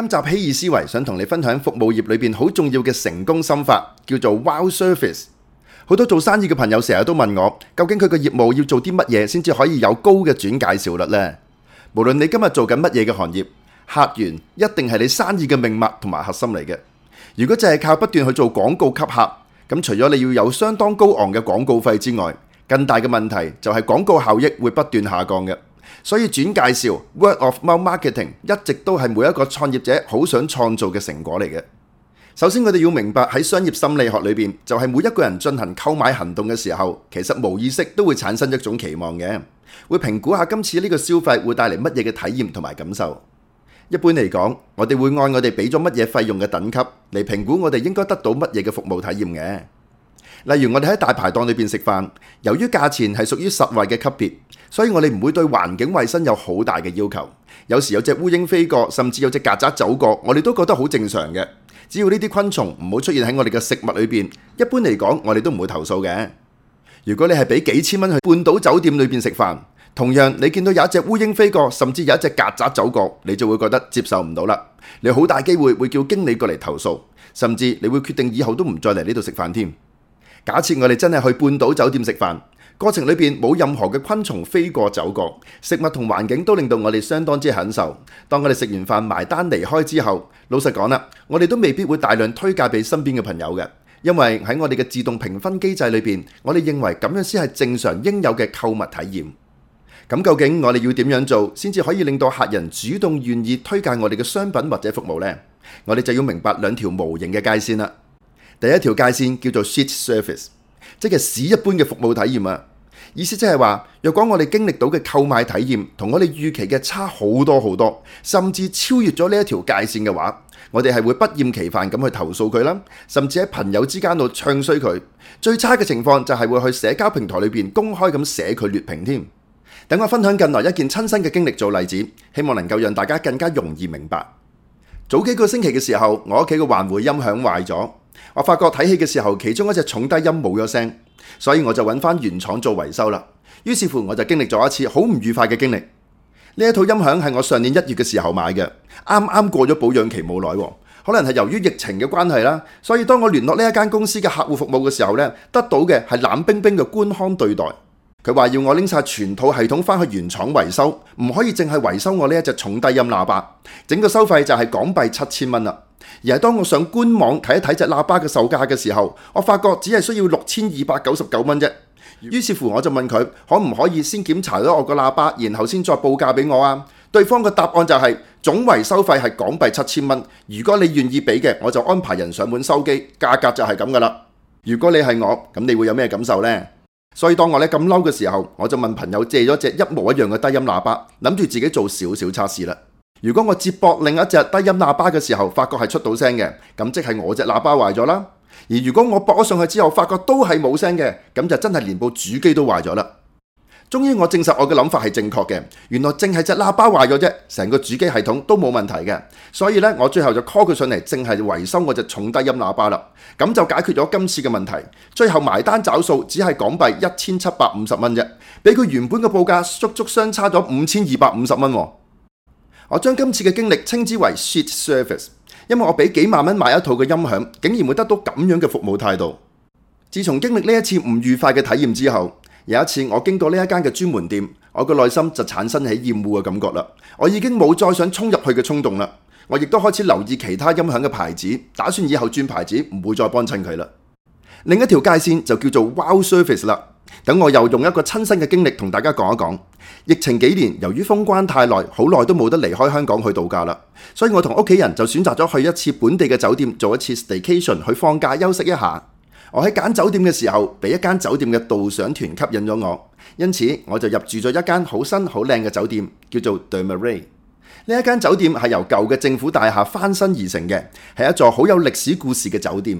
今集希爾思維想同你分享服務業裏邊好重要嘅成功心法，叫做 Wow Service。好多做生意嘅朋友成日都問我，究竟佢個業務要做啲乜嘢先至可以有高嘅轉介紹率呢？無論你今日做緊乜嘢嘅行業，客源一定係你生意嘅命脈同埋核心嚟嘅。如果淨係靠不斷去做廣告吸客，咁除咗你要有相當高昂嘅廣告費之外，更大嘅問題就係廣告效益會不斷下降嘅。所以轉介紹 word of mouth marketing 一直都係每一個創業者好想創造嘅成果嚟嘅。首先，我哋要明白喺商業心理學裏邊，就係、是、每一個人進行購買行動嘅時候，其實無意識都會產生一種期望嘅，會評估下今次呢個消費會帶嚟乜嘢嘅體驗同埋感受。一般嚟講，我哋會按我哋俾咗乜嘢費用嘅等級嚟評估我哋應該得到乜嘢嘅服務體驗嘅。例如，我哋喺大排檔裏邊食飯，由於價錢係屬於實惠嘅級別，所以我哋唔會對環境衛生有好大嘅要求。有時有隻烏蠅飛過，甚至有隻曱甴走過，我哋都覺得好正常嘅。只要呢啲昆蟲唔好出現喺我哋嘅食物裏邊，一般嚟講，我哋都唔會投訴嘅。如果你係俾幾千蚊去半島酒店裏邊食飯，同樣你見到有一隻烏蠅飛過，甚至有一隻曱甴走過，你就會覺得接受唔到啦。你好大機會會叫經理過嚟投訴，甚至你會決定以後都唔再嚟呢度食飯添。假設我哋真係去半島酒店食飯，過程裏邊冇任何嘅昆蟲飛過走過，食物同環境都令到我哋相當之享受。當我哋食完飯埋單離開之後，老實講啦，我哋都未必會大量推介俾身邊嘅朋友嘅，因為喺我哋嘅自動評分機制裏邊，我哋認為咁樣先係正常應有嘅購物體驗。咁究竟我哋要點樣做先至可以令到客人主動願意推介我哋嘅商品或者服務呢？我哋就要明白兩條無形嘅界線啦。第一條界線叫做 shit s u r f a c e 即係屎一般嘅服務體驗啊！意思即係話，若果我哋經歷到嘅購買體驗同我哋預期嘅差好多好多，甚至超越咗呢一條界線嘅話，我哋係會不厭其煩咁去投訴佢啦，甚至喺朋友之間度唱衰佢。最差嘅情況就係會去社交平台裏邊公開咁寫佢劣評添。等我分享近來一件親身嘅經歷做例子，希望能夠讓大家更加容易明白。早幾個星期嘅時候，我屋企嘅環回音響壞咗。我發覺睇戲嘅時候，其中一隻重低音冇咗聲，所以我就搵翻原廠做維修啦。於是乎，我就經歷咗一次好唔愉快嘅經歷。呢一套音響係我上年一月嘅時候買嘅，啱啱過咗保養期冇耐，可能係由於疫情嘅關係啦。所以當我聯絡呢一間公司嘅客戶服務嘅時候呢，得到嘅係冷冰冰嘅官腔對待。佢話要我拎晒全套系統返去原廠維修，唔可以淨係維修我呢一隻重低音喇叭。整個收費就係港幣七千蚊啦。而係當我上官網睇一睇隻喇叭嘅售價嘅時候，我發覺只係需要六千二百九十九蚊啫。於是乎我就問佢可唔可以先檢查咗我個喇叭，然後先再報價俾我啊？對方嘅答案就係總維修費係港幣七千蚊。如果你願意俾嘅，我就安排人上門收機，價格就係咁噶啦。如果你係我，咁你會有咩感受呢？所以當我咧咁嬲嘅時候，我就問朋友借咗隻一模一樣嘅低音喇叭，諗住自己做少少測試啦。如果我接駁另一隻低音喇叭嘅時候，發覺係出到聲嘅，咁即係我隻喇叭壞咗啦。而如果我駁咗上去之後，發覺都係冇聲嘅，咁就真係連部主機都壞咗啦。終於我證實我嘅諗法係正確嘅，原來淨係隻喇叭壞咗啫，成個主機系統都冇問題嘅。所以咧，我最後就 call 佢上嚟，淨係維修我隻重低音喇叭啦。咁就解決咗今次嘅問題。最後埋單找數，只係港幣一千七百五十蚊啫，比佢原本嘅報價足足相差咗五千二百五十蚊。我將今次嘅經歷稱之為 shit service，因為我俾幾萬蚊買一套嘅音響，竟然會得到咁樣嘅服務態度。自從經歷呢一次唔愉快嘅體驗之後，有一次我經過呢一間嘅專門店，我嘅內心就產生起厭惡嘅感覺啦。我已經冇再想衝入去嘅衝動啦。我亦都開始留意其他音響嘅牌子，打算以後轉牌子，唔會再幫襯佢啦。另一條界線就叫做 wow service 啦。等我又用一個親身嘅經歷同大家講一講。疫情幾年，由於封關太耐，好耐都冇得離開香港去度假啦，所以我同屋企人就選擇咗去一次本地嘅酒店做一次 staycation 去放假休息一下。我喺揀酒店嘅時候，俾一間酒店嘅導賞團吸引咗我，因此我就入住咗一間好新好靚嘅酒店，叫做 The Murray。呢一間酒店係由舊嘅政府大廈翻新而成嘅，係一座好有歷史故事嘅酒店。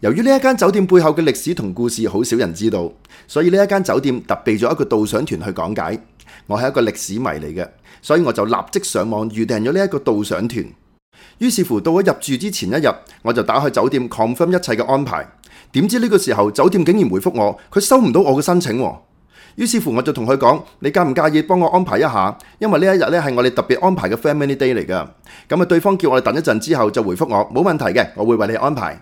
由於呢一間酒店背後嘅歷史同故事好少人知道，所以呢一間酒店特備咗一個導賞團去講解。我係一個歷史迷嚟嘅，所以我就立即上網預訂咗呢一個導賞團。於是乎到咗入住之前一日，我就打去酒店 confirm 一切嘅安排。點知呢個時候酒店竟然回覆我，佢收唔到我嘅申請。於是乎我就同佢講：你介唔介意幫我安排一下？因為呢一日咧係我哋特別安排嘅 family day 嚟㗎。咁啊，對方叫我哋等一陣之後就回覆我，冇問題嘅，我會為你安排。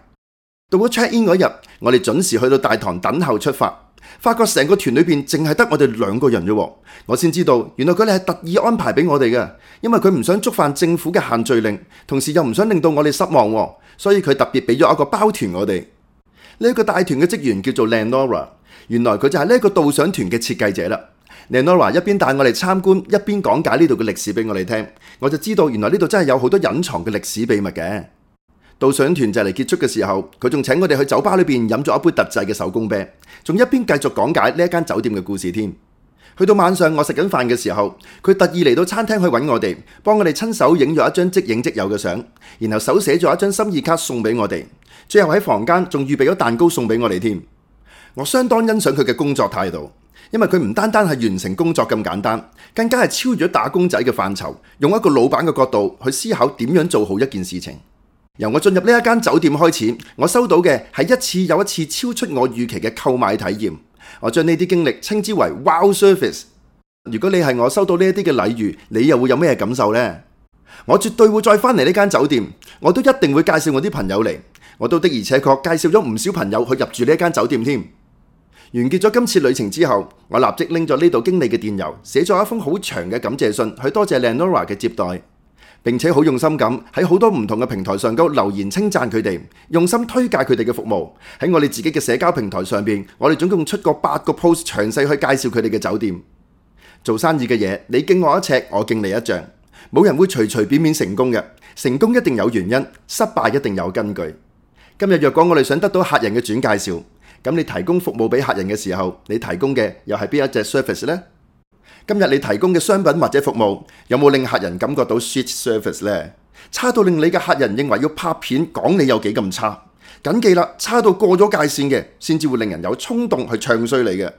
到咗 check in 嗰日，我哋準時去到大堂等候出發。發覺成個團裏邊淨係得我哋兩個人啫，我先知道原來佢哋係特意安排俾我哋嘅，因為佢唔想觸犯政府嘅限聚令，同時又唔想令到我哋失望，所以佢特別俾咗一個包團我哋。呢一個帶團嘅職員叫做靚 Nora，原來佢就係呢一個導賞團嘅設計者啦。靚 Nora 一邊帶我哋參觀，一邊講解呢度嘅歷史俾我哋聽，我就知道原來呢度真係有好多隱藏嘅歷史秘密嘅。到上團就嚟結束嘅時候，佢仲請我哋去酒吧裏邊飲咗一杯特製嘅手工啤，仲一邊繼續講解呢間酒店嘅故事添。去到晚上，我食緊飯嘅時候，佢特意嚟到餐廳去揾我哋，幫我哋親手影咗一張即影即有嘅相，然後手寫咗一張心意卡送俾我哋，最後喺房間仲預備咗蛋糕送俾我哋添。我相當欣賞佢嘅工作態度，因為佢唔單單係完成工作咁簡單，更加係超越咗打工仔嘅範疇，用一個老闆嘅角度去思考點樣做好一件事情。由我進入呢一間酒店開始，我收到嘅係一次又一次超出我預期嘅購買體驗。我將呢啲經歷稱之為 Wow Service。如果你係我收到呢一啲嘅禮遇，你又會有咩感受呢？我絕對會再返嚟呢間酒店，我都一定會介紹我啲朋友嚟。我都的而且確介紹咗唔少朋友去入住呢一間酒店添。完結咗今次旅程之後，我立即拎咗呢度經理嘅電郵，寫咗一封好長嘅感謝信去多謝靚 Nora 嘅接待。並且好用心咁喺好多唔同嘅平台上高留言稱讚佢哋，用心推介佢哋嘅服務。喺我哋自己嘅社交平台上邊，我哋總共出過八個 post，詳細去介紹佢哋嘅酒店。做生意嘅嘢，你敬我一尺，我敬你一丈。冇人會隨隨便便成功嘅，成功一定有原因，失敗一定有根據。今日若果我哋想得到客人嘅轉介紹，咁你提供服務俾客人嘅時候，你提供嘅又係邊一隻 service 呢？今日你提供嘅商品或者服務有冇令客人感覺到 Shit Service 咧？差到令你嘅客人認為要拍片講你有幾咁差？謹記啦，差到過咗界線嘅，先至會令人有衝動去唱衰你嘅。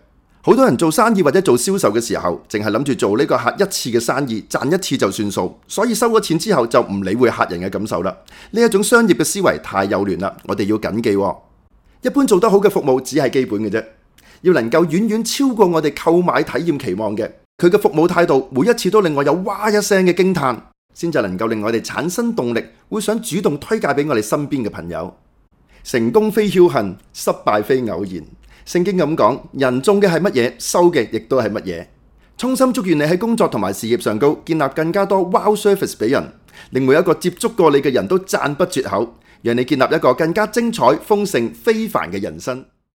好多人做生意或者做銷售嘅時候，淨係諗住做呢個客一次嘅生意，賺一次就算數，所以收咗錢之後就唔理會客人嘅感受啦。呢一種商業嘅思維太幼嫩啦，我哋要謹記。一般做得好嘅服務只係基本嘅啫。要能夠遠遠超過我哋購買體驗期望嘅，佢嘅服務態度每一次都令我有哇一聲嘅驚歎，先至能夠令我哋產生動力，會想主動推介俾我哋身邊嘅朋友。成功非僥倖，失敗非偶然。聖經咁講：人種嘅係乜嘢，收嘅亦都係乜嘢。衷心祝願你喺工作同埋事業上高，建立更加多 wow service 俾人，令每一個接觸過你嘅人都讚不絕口，讓你建立一個更加精彩、豐盛、非凡嘅人生。